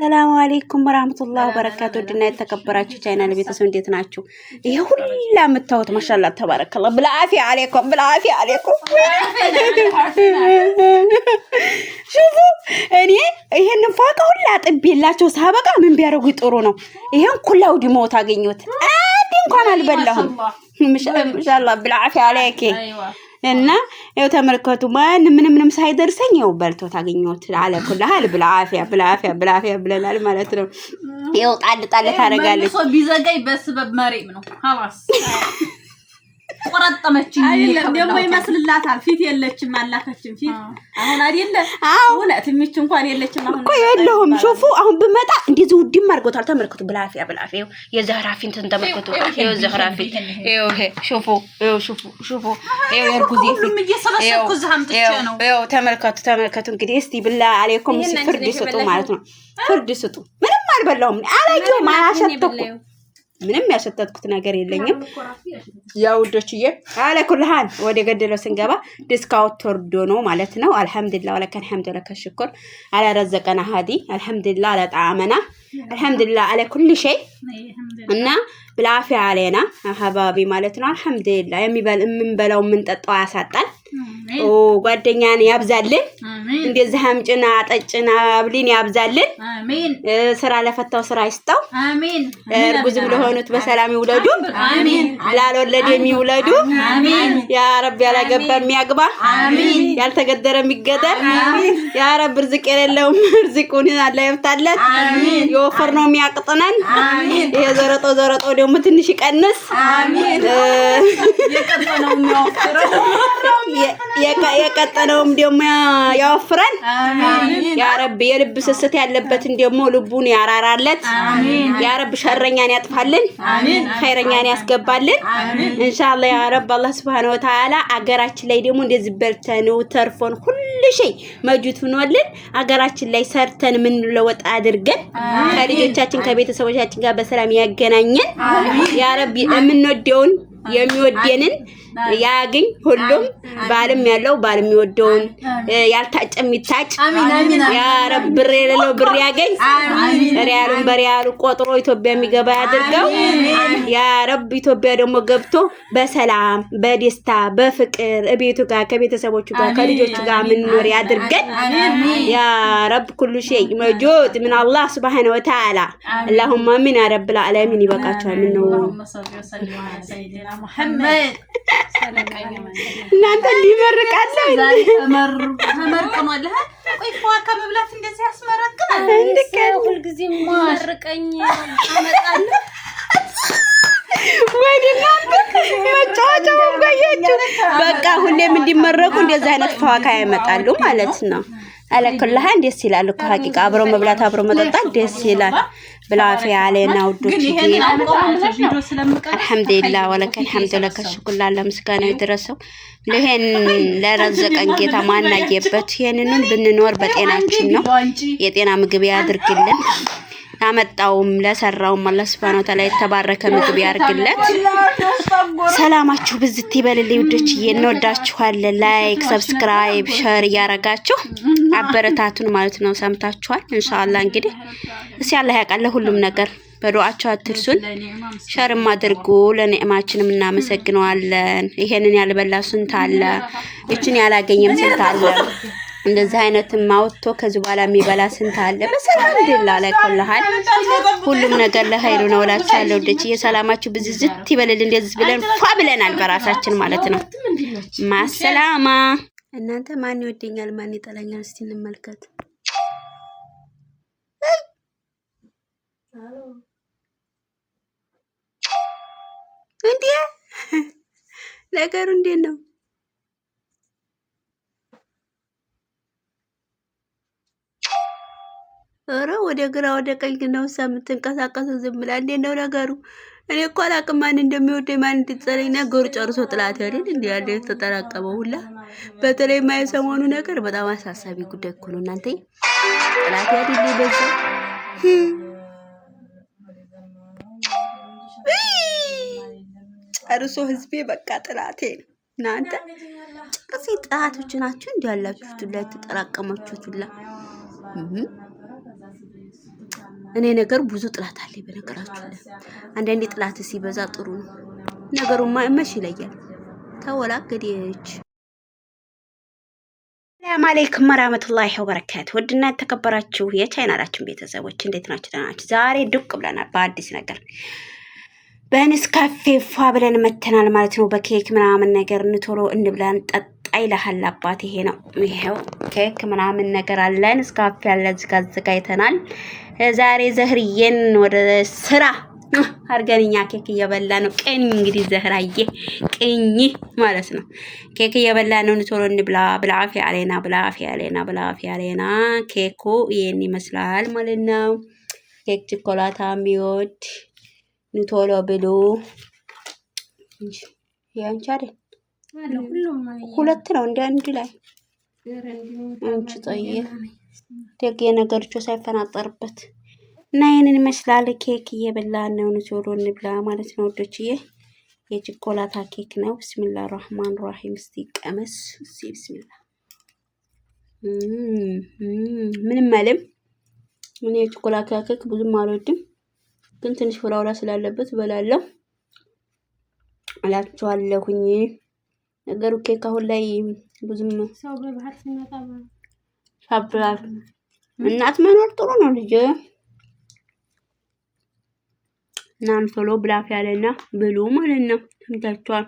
ሰላም አሌይኩም ወራህመቱላህ ወበረካቱ። ውድና የተከበራችሁ ቻይና ለቤተሰብ እንዴት ናችሁ? ይሄ ሁላ የምታወት ማሻላ ተባረከላ ብላአፊ አሌኩም ብላአፊ አሌኩም። ሽፉ እኔ ይሄን ፋቃ ሁላ ጥቤላቸው ሳበቃ ምን ቢያደርጉ ጥሩ ነው። ይሄን ኩላው ዲሞት አገኘሁት አንድ እንኳን አልበላሁም። ማሻላ ብላአፊ አሌይኪ እና ያው ተመልከቱ፣ ማን ምን ምንም ሳይደርሰኝ ያው በልቶ ታገኘሁት አለ ኩላህል ብላ አፍያ ብላ አፍያ ብላ አፍያ ብለናል ማለት ነው። ያው ጣል ጣል ታደርጋለች። ቢዘጋይ በስበብ መሬም ነው ሀላስ ቆረጠመች ደግሞ ይመስልላታል። ፊት የለችም አላከችም ፊት አሁን አይደለ? አዎ እውነት የሚች እንኳን የለችም አሁን እኮ የለሁም። ሾፉ አሁን ብመጣ እንደዚህ ውድም አድርጎታል። ተመልከቱ፣ ብላፊያ ብላፊያ የዘህራ ፊንትን ተመልከቱ። ይኸው ዘህራ ፊንት ይኸው ሾፉ ይኸው ሾፉ ሾፉ ይኸው የእርጉዜ ነው። ይኸው ተመልከቱ፣ ተመልከቱ። እንግዲህ እስቲ ብላ አለይኩም ፍርድ ስጡ ማለት ነው። ፍርድ ስጡ። ምንም አልበላሁም፣ አላየሁም፣ አላሸተኩም ምንም ያሸተትኩት ነገር የለኝም። ያው ውዶችዬ ኩልሃን ወደ ገደለው ስንገባ ዲስካውንት ወርዶ ነው ማለት ነው። አልሐምዱሊላህ ወለከን ሐምድ ወለከ ሽኩር አላ ረዘቀና ሀዲ አልሐምዱሊላህ አለ ጣመና አልሐምዱሊላህ አለ ኩል ሸይ እና ብልአፊያ አለና አህባቢ ማለት ነው። አልሐምዱሊላህ የሚበል የምንበላው የምንጠጣው ያሳጣል። ኦ ጓደኛን ያብዛልን። እንደዚህ አምጭና ጠጭና አብሊን ያብዛልን። ስራ ለፈታው ስራ ይስጠው። እርጉዝም ለሆኑት በሰላም ይውለዱ። ላልወለድ የሚውለዱ አሜን። ያ ረብ ያላገባ የሚያግባ ያልተገደረ የሚገደር አሜን። ያ የሌለውም ርዝቁን አላህ የወፈር ነው የሚያቅጥነን። ይሄ ዘረጦ ዘረጦ ደግሞ ትንሽ ይቀንስ። የቀጠነውም ደግሞ ያወፍረን ረብ የልብ ስስት ያለበትን ደግሞ ልቡን ያራራለት ረብ ሸረኛን ያጥፋልን፣ ኸይረኛን ያስገባልን። እንሻላ ረብ አላህ ስብሃነ ወተዓላ አገራችን ላይ ደግሞ እንደዚህ በርተነው ተርፎን ሁሉ ሸይ መጁት ሆኖልን አገራችን ላይ ሰርተን ለወጣ አድርገን ከልጆቻችን ከቤተሰቦቻችን ጋር በሰላም ያገናኘን። ያ ረቢ የምንወደውን የሚወደንን ያግኝ ሁሉም ባልም ያለው ባል የሚወደውን ያልታጨ የሚታጭ ያ ረብ ብር የሌለው ብር ያገኝ ሪያሉን በሪያሉ ቆጥሮ ኢትዮጵያ የሚገባ ያድርገው። ያ ረብ ኢትዮጵያ ደግሞ ገብቶ በሰላም በደስታ በፍቅር እቤቱ ጋር ከቤተሰቦቹ ጋር ከልጆቹ ጋር ምንኖር ያድርገን። ያ ረብ ኩሉ ሸይ መጆት ምን አላህ ስብሓን ወተዓላ አላሁማ አሚን። ያ ረብ ይበቃቸዋል። ምነው እናንተ ሊመርቃለሁ ተመርቅሟል። ቆይ ፎዋ ከመብላት እንደዚህ ያስመረቅናል። ሁልጊዜ መርቀኝ አመጣለሁ። በቃ ሁሌም እንዲመረቁ እንደዚህ አይነት ፎዋካ ያመጣሉ ማለት ነው። አለኩልሃን ደስ ይላል እኮ ሀቂቃ አብሮ መብላት አብሮ መጠጣት ደስ ይላል። ብላፊ ያለና ውዶች አልሐምዱሊላ ወለከ አልሐምዱ ለከ ሽኩላ ለምስጋና የደረሰው ይሄን ለረዘቀን ጌታ ማናየበት ይሄንንም ብንኖር በጤናችን ነው። የጤና ምግብ ያድርግልን። ላመጣውም ለሰራውም አላህ ሱብሃነሁ ወተዓላ የተባረከ ምግብ ያርግለት። ሰላማችሁ ብዝት ይበልልኝ ውዶችዬ፣ እንወዳችኋለን። ላይክ፣ ሰብስክራይብ፣ ሸር እያረጋችሁ አበረታቱን ማለት ነው። ሰምታችኋል። ኢንሻአላህ እንግዲህ እስኪ አላህ ያውቃል ሁሉም ነገር። በዱዓችሁ አትርሱን፣ ሸርም አድርጉ። ለኒዕማችንም እናመሰግነዋለን። ይሄንን ያልበላ ስንት አለ፣ ይችን ያላገኘም ስንት አለ። እንደዚህ አይነትም አውጥቶ ከዚህ በኋላ የሚበላ ስንት አለ። በሰላም ድላ ላይ ኮልሃል ሁሉም ነገር ለሀይሉ ነው እላችኋለሁ። ወደች ብዙ ዝት ይበልል። እንደዚህ ብለን ፏ ብለናል በራሳችን ማለት ነው። ማሰላማ እናንተ ማን ይወደኛል ማን ይጠላኛል? እስቲ እንመልከት። እንዴ ነገሩ እንዴት ነው? ኧረ ወደ ግራ ወደ ቀኝ ነው እሷ የምትንቀሳቀሰው። ዝም ብላ እንዴት ነው ነገሩ? እኔ እኮ አላቅም ማን እንደሚወደኝ ማን እንድትጠለኝ። ነገሩ ጨርሶ ጥላት አይደል እንዲ ያለ የተጠራቀመው ሁላ። በተለይ ማየ ነገር በጣም አሳሳቢ ጉዳይ እኮ ነው እናንተ። ጥላት አይደል በዛ ጨርሶ ህዝቤ በቃ ጥላቴ ነው። እናንተ ጨርሴ ጥላቶች ናችሁ እንዲ ያላችሁት ሁላ የተጠራቀማችሁት ሁላ እኔ ነገር ብዙ ጥላት አለኝ። በነገራችሁ አንዳንዴ ጥላት ሲበዛ ጥሩ ነው። ነገሩማ መች ይለያል። ተወላገደች። ሰላም አለይኩም ወራህመቱላሂ ወበረካቱ። ውድና የተከበራችሁ የቻይናላችን ቤተሰቦች እንዴት ናችሁ? ደህና ናችሁ? ዛሬ ዱቅ ብለናል በአዲስ ነገር በንስካፌ ፏ ብለን መተናል ማለት ነው። በኬክ ምናምን ነገር እንቶሎ እንብላን ጠጥ ይልሃል አባት። ይሄ ነው ይሄው ኬክ ምናምን ነገር አለን እስካፍ ያለ እዚህ አዘጋጅተናል። ዛሬ ዘህርዬን ወደ ስራ አርገንኛ ኬክ እየበላ ነው። ቅኝ እንግዲህ ዘህራዬ ቅኝ ማለት ነው። ኬክ እየበላ ነው። ቶሎ እንብላ። ብላፊ አሌና ብላፊ አሌና ብላፊ አሌና። ኬኩ ይሄን ይመስላል ማለት ነው። ኬክ ቾኮላታ የሚወድ ቶሎ ብሉ። ያንቺ ሁለት ነው እንደ አንድ ላይ አንቺ ጦዬ ደግ የነገርቾ ሳይፈናጠርበት እና ይህንን ይመስላል። ኬክ እየበላ ነው። ዞሮ እንብላ ማለት ነው ወዶችዬ። የችኮላታ ኬክ ነው። ብስሚላ ራህማን ራሂም። እስቲ ቀመስ እስቲ ብስሚላ። ምንም አልም። ምን የችኮላታ ኬክ ብዙም አልወድም፣ ግን ትንሽ ፍላውላ ስላለበት በላለው እላችኋለሁኝ። ነገሩ ኬክ አሁን ላይ ብዙም ሳብራል እናት መኖር ጥሩ ነው። ልጅ ቶሎ ብላፍ ያለና ብሉ ማለት ነው። ሰምታችኋል።